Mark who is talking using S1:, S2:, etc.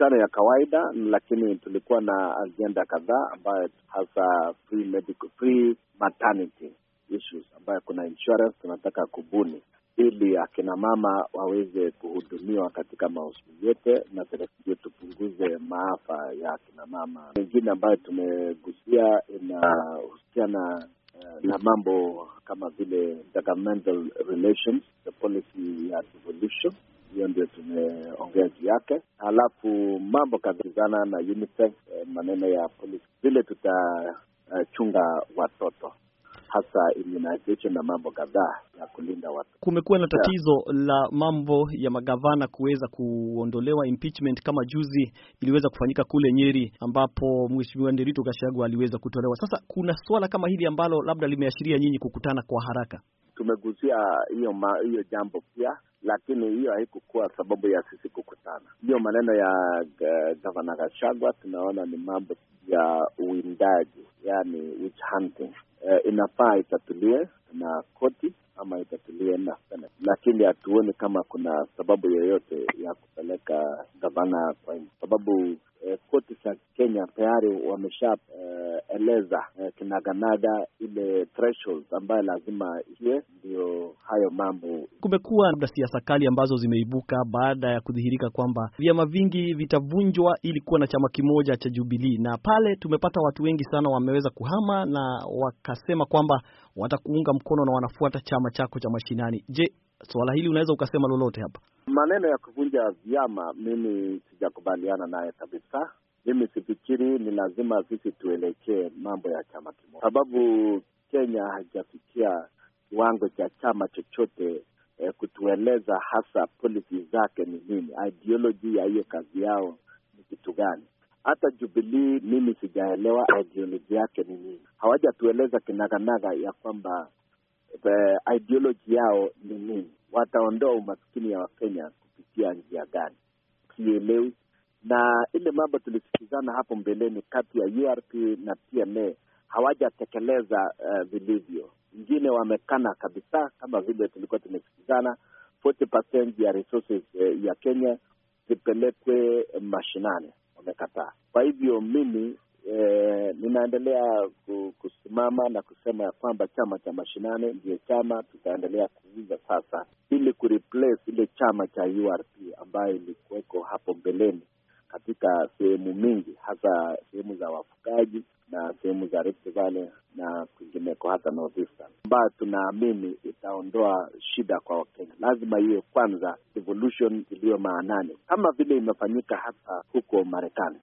S1: mikutano ya kawaida, lakini tulikuwa na ajenda kadhaa ambayo hasa free medical, free maternity issues ambayo kuna insurance tunataka kubuni ili akina mama waweze kuhudumiwa katika mahospitali yote, na serikali tupunguze maafa ya akina mama. Mengine ambayo tumegusia inahusiana eh, na mambo kama vile governmental relations, the policy ya devolution hiyo ndio tumeongea juu yake. Halafu mambo kabizana na UNICEF, eh, maneno ya polisi, vile tutachunga eh, watoto hasa immunization na mambo kadhaa ya kulinda watu.
S2: Kumekuwa na tatizo yeah, la mambo ya magavana kuweza kuondolewa impeachment, kama juzi iliweza kufanyika kule Nyeri ambapo Mheshimiwa Nderitu Gachagua aliweza kutolewa. Sasa kuna swala kama hili ambalo labda limeashiria nyinyi kukutana kwa haraka.
S1: Tumegusia hiyo hiyo jambo pia lakini hiyo haikukuwa sababu ya sisi kukutana. Hiyo maneno ya eh, gavana Gashagwa tunaona ni mambo ya uwindaji, yani witch hunting. Eh, inafaa itatuliwe na koti pili, hatuoni kama kuna sababu yoyote ya kupeleka gavana kwa nje, sababu eh, koti za Kenya tayari wameshaeleza eh, eh, kinaganaga ile threshold ambayo lazima iwe, ndio hayo
S2: mambo. Kumekuwa labda siasa kali ambazo zimeibuka baada ya kudhihirika kwamba vyama vingi vitavunjwa ili kuwa na chama kimoja cha jubilii na pale tumepata watu wengi sana wameweza kuhama na wakasema kwamba watakuunga mkono na wanafuata chama chako cha mashinani. Je, Swala hili unaweza ukasema lolote hapa?
S1: Maneno ya kuvunja vyama, mimi sijakubaliana naye kabisa. Mimi sifikiri ni lazima sisi tuelekee mambo ya chama kimoja, sababu Kenya haijafikia kiwango cha chama chochote eh, kutueleza hasa polisi zake ni nini, ideoloji ya hiyo kazi yao ni kitu gani. Hata Jubilii mimi sijaelewa ideoloji yake ni nini, hawajatueleza kinaganaga ya kwamba uh, ideology yao ni nini, wataondoa umaskini ya Wakenya kupitia njia gani, sielewi. Na ile mambo tulisikizana hapo mbeleni kati ya URP na TNA hawajatekeleza eh, vilivyo. wengine wamekana kabisa, kama vile tulikuwa tumesikizana 40% ya resources uh, ya Kenya zipelekwe mashinani, wamekataa. Kwa hivyo mimi Eh, ninaendelea kusimama na kusema ya kwamba chama cha mashinani ndiyo chama tutaendelea kuuza sasa, ili kureplace ile chama cha URP ambayo ilikuweko hapo mbeleni katika sehemu mingi, hasa sehemu za wafugaji na sehemu za Rift Valley na kwingineko, hata North Eastern, ambayo tunaamini itaondoa shida kwa Wakenya. Lazima iwe kwanza iliyo maanani, kama vile imefanyika hasa huko Marekani.